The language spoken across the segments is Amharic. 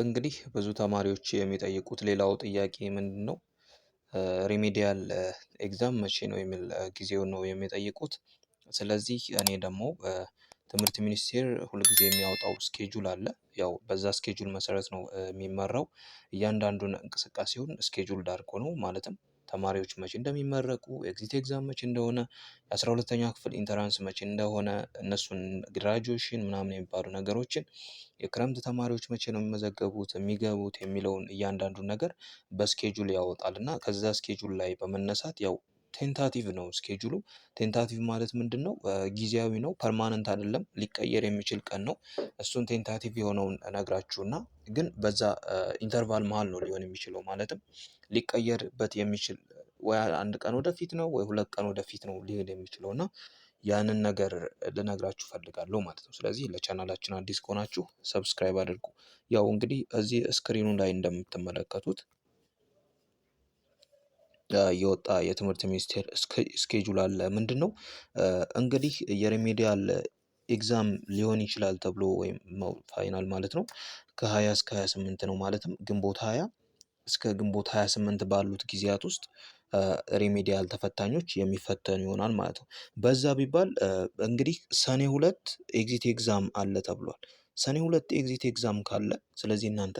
እንግዲህ ብዙ ተማሪዎች የሚጠይቁት ሌላው ጥያቄ ምንድነው? ሪሚዲያል ኤግዛም መቼ ነው የሚል ጊዜውን ነው የሚጠይቁት። ስለዚህ እኔ ደግሞ ትምህርት ሚኒስቴር ሁልጊዜ የሚያወጣው ስኬጁል አለ ያው በዛ ስኬጁል መሰረት ነው የሚመራው። እያንዳንዱን እንቅስቃሴውን እስኬጁል ዳርጎ ነው ማለትም ተማሪዎች መቼ እንደሚመረቁ ኤግዚት ኤግዛም መቼ እንደሆነ የአስራ ሁለተኛ ክፍል ኢንተራንስ መቼ እንደሆነ እነሱን ግራጁዌሽን ምናምን የሚባሉ ነገሮችን የክረምት ተማሪዎች መቼ ነው የሚመዘገቡት የሚገቡት የሚለውን እያንዳንዱን ነገር በስኬጁል ያወጣል እና ከዛ ስኬጁል ላይ በመነሳት ያው ቴንታቲቭ ነው ስኬጁሉ። ቴንታቲቭ ማለት ምንድን ነው? ጊዜያዊ ነው፣ ፐርማነንት አይደለም፣ ሊቀየር የሚችል ቀን ነው። እሱን ቴንታቲቭ የሆነውን ነግራችሁና ግን በዛ ኢንተርቫል መሃል ነው ሊሆን የሚችለው። ማለትም ሊቀየርበት የሚችል ወይ አንድ ቀን ወደፊት ነው ወይ ሁለት ቀን ወደፊት ነው ሊሄድ የሚችለው እና ያንን ነገር ልነግራችሁ ፈልጋለሁ ማለት ነው። ስለዚህ ለቻናላችን አዲስ ከሆናችሁ ሰብስክራይብ አድርጉ። ያው እንግዲህ እዚህ ስክሪኑ ላይ እንደምትመለከቱት የወጣ የትምህርት ሚኒስቴር ስኬጁል አለ ምንድነው? እንግዲህ የሪሜዲያል ኤግዛም ሊሆን ይችላል ተብሎ ወይም ፋይናል ማለት ነው። ከሃያ እስከ ሃያ ስምንት ነው ማለትም ግንቦት ሃያ እስከ ግንቦት ሃያ ስምንት ባሉት ጊዜያት ውስጥ ሪሜዲያል ተፈታኞች የሚፈተኑ ይሆናል ማለት ነው። በዛ ቢባል እንግዲህ ሰኔ ሁለት ኤግዚት ኤግዛም አለ ተብሏል። ሰኔ ሁለት ኤግዚት ኤግዛም ካለ ስለዚህ እናንተ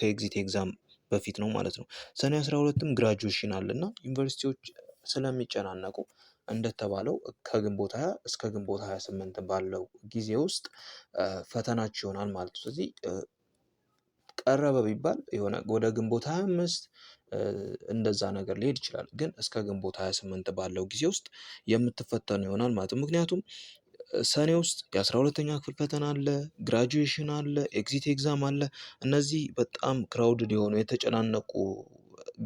ከኤግዚት ኤግዛም በፊት ነው ማለት ነው። ሰኔ አስራ ሁለትም ግራጁዌሽን አለ እና ዩኒቨርሲቲዎች ስለሚጨናነቁ እንደተባለው ከግንቦት ሃያ እስከ ግንቦት 28 ስምንት ባለው ጊዜ ውስጥ ፈተናች ይሆናል ማለት ነው። ስለዚህ ቀረበ ቢባል የሆነ ወደ ግንቦት 25 አምስት እንደዛ ነገር ሊሄድ ይችላል። ግን እስከ ግንቦት 28 ስምንት ባለው ጊዜ ውስጥ የምትፈተኑ ይሆናል ማለት ነው። ምክንያቱም ሰኔ ውስጥ የአስራ ሁለተኛ ክፍል ፈተና አለ ግራጁዌሽን አለ ኤግዚት ኤግዛም አለ እነዚህ በጣም ክራውድድ የሆኑ የተጨናነቁ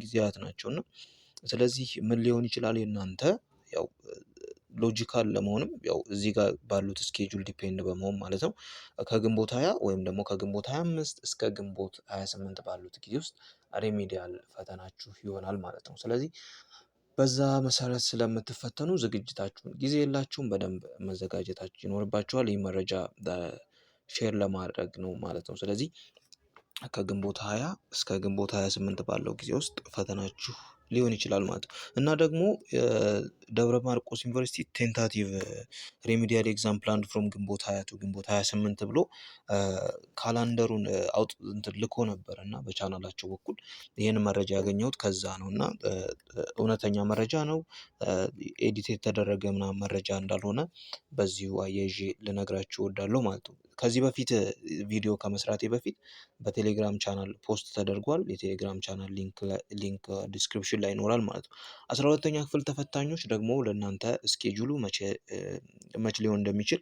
ጊዜያት ናቸው እና ስለዚህ ምን ሊሆን ይችላል የእናንተ ያው ሎጂካል ለመሆንም ያው እዚህ ጋር ባሉት ስኬጁል ዲፔንድ በመሆን ማለት ነው ከግንቦት ሀያ ወይም ደግሞ ከግንቦት ሀያ አምስት እስከ ግንቦት ሀያ ስምንት ባሉት ጊዜ ውስጥ ሪሚዲያል ፈተናችሁ ይሆናል ማለት ነው ስለዚህ በዛ መሰረት ስለምትፈተኑ ዝግጅታችሁን ጊዜ የላችሁም በደንብ መዘጋጀታችሁ ይኖርባችኋል። ይህ መረጃ ሼር ለማድረግ ነው ማለት ነው። ስለዚህ ከግንቦት ሀያ እስከ ግንቦት ሀያ ስምንት ባለው ጊዜ ውስጥ ፈተናችሁ ሊሆን ይችላል ማለት ነው። እና ደግሞ ደብረ ማርቆስ ዩኒቨርሲቲ ቴንታቲቭ ሪሚዲያል ኤግዛም ፕላን ፍሮም ግንቦት ሀያ ቱ ግንቦት ሀያ ስምንት ብሎ ካላንደሩን አውጥ ልኮ ነበር እና በቻናላቸው በኩል ይህን መረጃ ያገኘሁት ከዛ ነው እና እውነተኛ መረጃ ነው ኤዲት የተደረገ ምናምን መረጃ እንዳልሆነ በዚሁ አያይዤ ልነግራችሁ እወዳለሁ ማለት ነው። ከዚህ በፊት ቪዲዮ ከመስራቴ በፊት በቴሌግራም ቻናል ፖስት ተደርጓል። የቴሌግራም ቻናል ሊንክ ዲስክሪፕሽን ላይ ይኖራል ማለት ነው። አስራ ሁለተኛ ክፍል ተፈታኞች ደግሞ ለእናንተ እስኬጁሉ መች ሊሆን እንደሚችል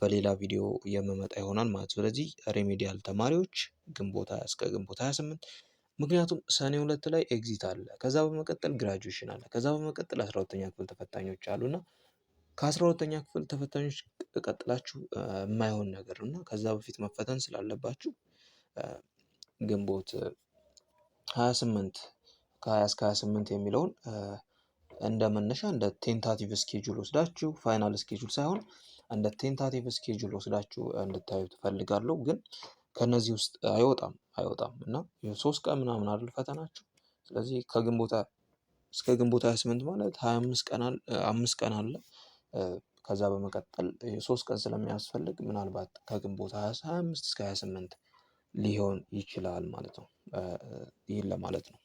በሌላ ቪዲዮ የመመጣ ይሆናል ማለት ስለዚህ ሬሜዲያል ተማሪዎች ግንቦት እስከ ግንቦት 28 ምክንያቱም ሰኔ ሁለት ላይ ኤግዚት አለ። ከዛ በመቀጠል ግራጁዌሽን አለ። ከዛ በመቀጠል አስራ ሁለተኛ ክፍል ተፈታኞች አሉና ከአስራ ሁለተኛ ክፍል ተፈታኞች ቀጥላችሁ የማይሆን ነገር እና ከዛ በፊት መፈተን ስላለባችሁ ግንቦት ሀያ ስምንት ከሀያ እስከ ሀያ ስምንት የሚለውን እንደ መነሻ እንደ ቴንታቲቭ እስኬጁል ወስዳችሁ ፋይናል እስኬጁል ሳይሆን እንደ ቴንታቲቭ እስኬጁል ወስዳችሁ እንድታዩ ትፈልጋለሁ። ግን ከነዚህ ውስጥ አይወጣም አይወጣም እና ሶስት ቀን ምናምን አይደል ፈተናችሁ። ስለዚህ ከግንቦት እስከ ግንቦት 28 ማለት 25 አምስት ቀን አለ። ከዛ በመቀጠል ሶስት ቀን ስለሚያስፈልግ ምናልባት ከግንቦታ 25 እስከ 28 ሊሆን ይችላል ማለት ነው። ይህን ለማለት ነው።